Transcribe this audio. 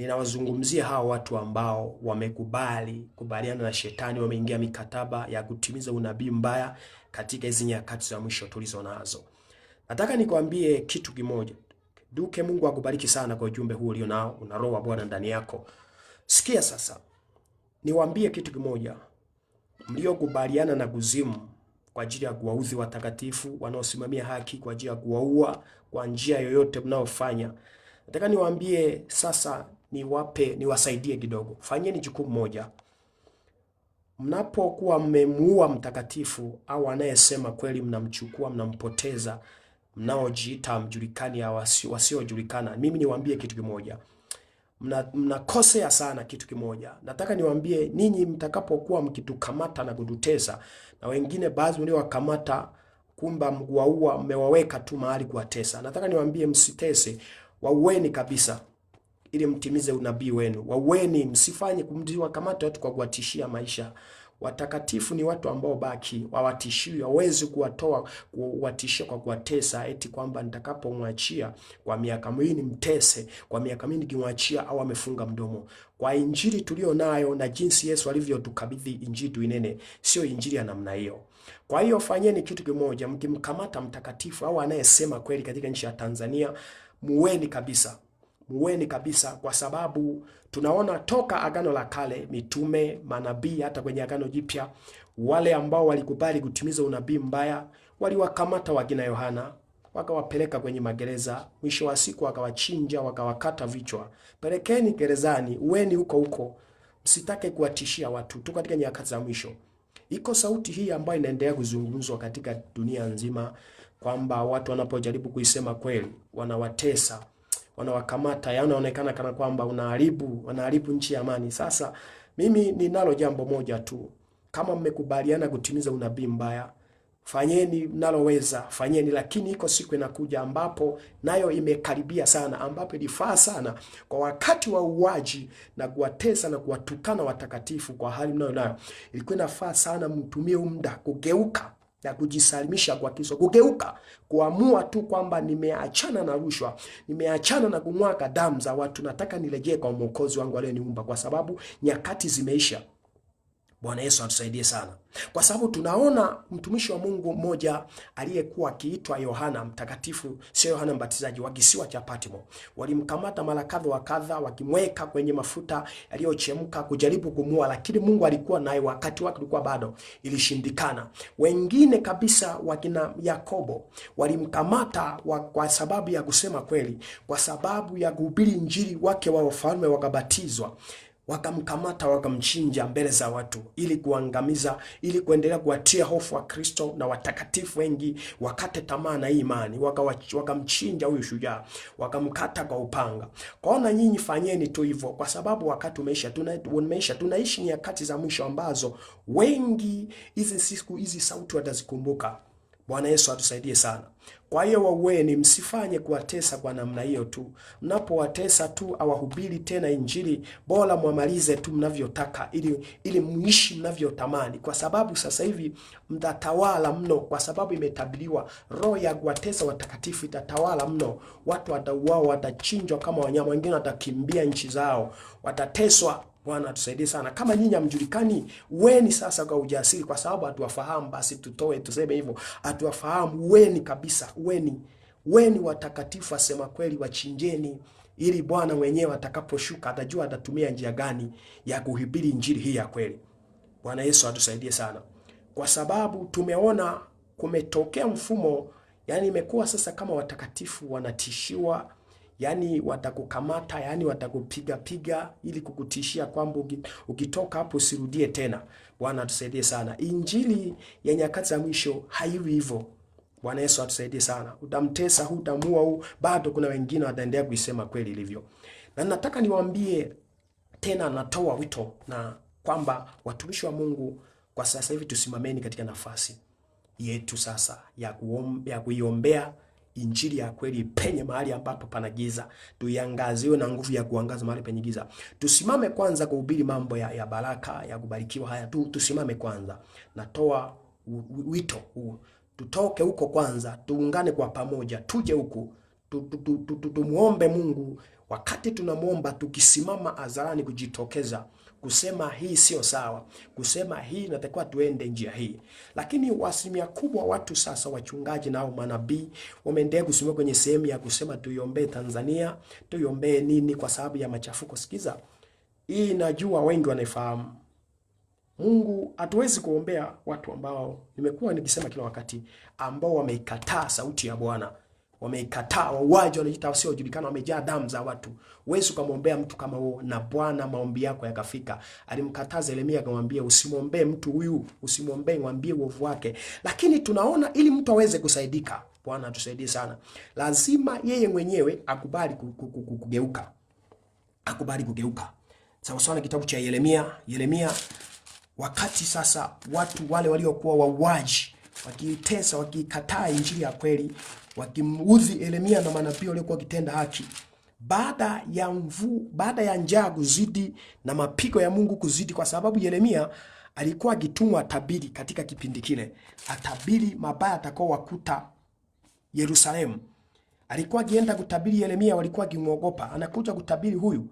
ninawazungumzia hawa watu ambao wamekubali kubaliana na shetani, wameingia mikataba ya kutimiza unabii mbaya katika hizi nyakati za mwisho tulizo nazo. Nataka nikwambie kitu kimoja. Duke, Mungu akubariki sana kwa ujumbe huu ulio nao, una roho wa Bwana ndani yako. Sikia sasa, niwaambie kitu kimoja, mliokubaliana na kuzimu kwa ajili ya kuwaudhi watakatifu wanaosimamia haki, kwa ajili ya kuwaua kwa njia yoyote mnayofanya, nataka niwaambie sasa niwape niwasaidie kidogo. Fanyeni jukumu moja, mnapokuwa mmemuua mtakatifu au anayesema kweli, mnamchukua mnampoteza, mnaojiita mjulikani au wasiojulikana, mimi niwaambie kitu kimoja, mnakosea mna sana kitu kimoja. Nataka niwaambie ninyi, mtakapokuwa mkitukamata na kututesa, na wengine baadhi mliowakamata kumba mguaua mmewaweka tu mahali kuwatesa. Nataka niwaambie msitese, waueni kabisa ili mtimize unabii wenu. Waweni, msifanye kumdiwa kamata watu kwa kuwatishia maisha. Watakatifu ni watu ambao baki wawatishiwi, wawezi kuwatoa kuwatishia kwa kuwatesa, eti kwamba nitakapomwachia kwa miaka mingi mtese kwa miaka mingi nikimwachia, au amefunga mdomo. Kwa injili tulio nayo na jinsi Yesu alivyotukabidhi injili tuinene, sio injili ya namna hiyo. Kwa hiyo fanyeni kitu kimoja, mkimkamata mtakatifu au anayesema kweli katika nchi ya Tanzania, muweni kabisa muweni kabisa, kwa sababu tunaona toka Agano la Kale mitume, manabii, hata kwenye Agano Jipya wale ambao walikubali kutimiza unabii mbaya waliwakamata wakina Yohana wakawapeleka kwenye magereza, mwisho wa siku wakawachinja, wakawakata vichwa. Pelekeni gerezani, uweni huko huko, msitake kuwatishia watu tu. Katika nyakati za mwisho, iko sauti hii ambayo inaendelea kuzungumzwa katika dunia nzima, kwamba watu wanapojaribu kuisema kweli wanawatesa wanawakamata, yaani wanaonekana kana kwamba unaharibu, wanaharibu nchi ya amani. Sasa mimi ninalo jambo moja tu, kama mmekubaliana kutimiza unabii mbaya fanyeni mnaloweza, fanyeni. Lakini iko siku inakuja ambapo nayo imekaribia sana, ambapo ilifaa sana kwa wakati wa uwaji na kuwatesa na kuwatukana watakatifu, kwa hali mnayo nayo ilikuwa inafaa sana mtumie muda kugeuka na kujisalimisha kwa Kristo, kugeuka, kuamua tu kwamba nimeachana na rushwa, nimeachana na kumwaga damu za watu, nataka nirejee kwa mwokozi wangu aliyeniumba, kwa sababu nyakati zimeisha. Bwana Yesu atusaidie sana, kwa sababu tunaona mtumishi wa Mungu mmoja aliyekuwa akiitwa Yohana Mtakatifu, sio Yohana Mbatizaji, wa kisiwa cha Patmo. Walimkamata mara kadha wa kadha, wakimweka kwenye mafuta yaliyochemka kujaribu kumua, lakini Mungu alikuwa naye, wakati wake ulikuwa bado, ilishindikana. Wengine kabisa, wakina Yakobo walimkamata wa, kwa sababu ya kusema kweli, kwa sababu ya kuhubiri injili wake wa ufalme, wakabatizwa wakamkamata wakamchinja mbele za watu ili kuangamiza, ili kuendelea kuwatia hofu wa Kristo na watakatifu wengi wakate tamaa na imani. Wakamchinja waka huyu shujaa, wakamkata kwa upanga. Kwaona nyinyi fanyeni tu hivyo, kwa sababu wakati umeisha, tunaisha tunaishi nyakati za mwisho ambazo wengi hizi siku hizi sauti watazikumbuka. Bwana Yesu atusaidie sana. Kwa hiyo waweni, msifanye kuwatesa kwa namna hiyo tu. Mnapowatesa tu awahubiri tena Injili, bora mwamalize tu mnavyotaka, ili ili muishi mnavyotamani, kwa sababu sasa hivi mtatawala mno, kwa sababu imetabiriwa, roho ya kuwatesa watakatifu itatawala mno. Watu watauawa, watachinjwa kama wanyama, wengine watakimbia nchi zao, watateswa Bwana atusaidie sana. Kama nyinyi hamjulikani, weni sasa kwa ujasiri, kwa sababu hatuwafahamu. Basi tutoe tuseme hivyo, hatuwafahamu, weni kabisa, weni weni watakatifu, asema kweli, wachinjeni, ili Bwana mwenyewe atakaposhuka atajua atatumia njia gani ya kuhubiri injili hii ya kweli. Bwana Yesu atusaidie sana, kwa sababu tumeona kumetokea mfumo, yani imekuwa sasa kama watakatifu wanatishiwa yani watakukamata, yani watakupiga piga ili kukutishia kwamba ukitoka hapo usirudie tena. Bwana atusaidie sana. Injili ya nyakati za mwisho haiwi hivyo. Bwana Yesu atusaidie sana. Utamtesa huu, utamua huu, bado kuna wengine wataendelea kuisema kweli ilivyo. Na nataka niwaambie tena, natoa wito na kwamba watumishi wa Mungu kwa sasa hivi tusimameni katika nafasi yetu sasa ya kuombea, ya kuiombea Injili ya kweli penye mahali ambapo pana giza, tuiangaziwe na nguvu ya kuangaza mahali penye giza. Tusimame kwanza kuhubiri mambo ya, ya baraka ya kubarikiwa haya tu, tusimame kwanza. Natoa wito huu, tutoke huko kwanza, tuungane kwa pamoja, tuje huku tumuombe Mungu. Wakati tunamwomba tukisimama hadharani kujitokeza kusema hii sio sawa, kusema hii natakiwa tuende njia hii. Lakini asilimia kubwa watu sasa, wachungaji nao manabii, wameendelea kusimama kwenye sehemu ya kusema tuiombee Tanzania, tuiombee nini kwa sababu ya machafuko. Sikiza hii, najua wengi wanaifahamu. Mungu hatuwezi kuombea watu ambao nimekuwa nikisema kila wakati, ambao wameikataa sauti ya Bwana wameikataa, wauaji wanajiita wasiojulikana, wamejaa damu za watu. Wesu kamwombea mtu kama huo, na Bwana maombi yako yakafika. Alimkataza Yeremia, akamwambia usimwombee mtu huyu, usimwombee, mwambie uovu wake. Lakini tunaona ili mtu aweze kusaidika, Bwana atusaidie sana, lazima yeye mwenyewe akubali kugeuka, akubali kugeuka. Sawa sawa na kitabu cha Yeremia. Yeremia wakati sasa watu wale waliokuwa wauaji wakiitesa, wakiikataa injili ya kweli, wakimuudhi Yeremia na manabii waliokuwa wakitenda haki. Baada ya mvu, baada ya njaa kuzidi na mapigo ya Mungu kuzidi, kwa sababu Yeremia alikuwa akitumwa tabiri katika kipindi kile, atabiri mabaya atakao wakuta Yerusalemu. Alikuwa akienda kutabiri Yeremia, walikuwa akimwogopa. Anakuja kutabiri huyu